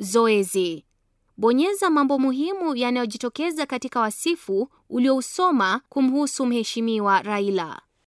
Zoezi: bonyeza mambo muhimu yanayojitokeza katika wasifu uliousoma kumhusu Mheshimiwa Raila.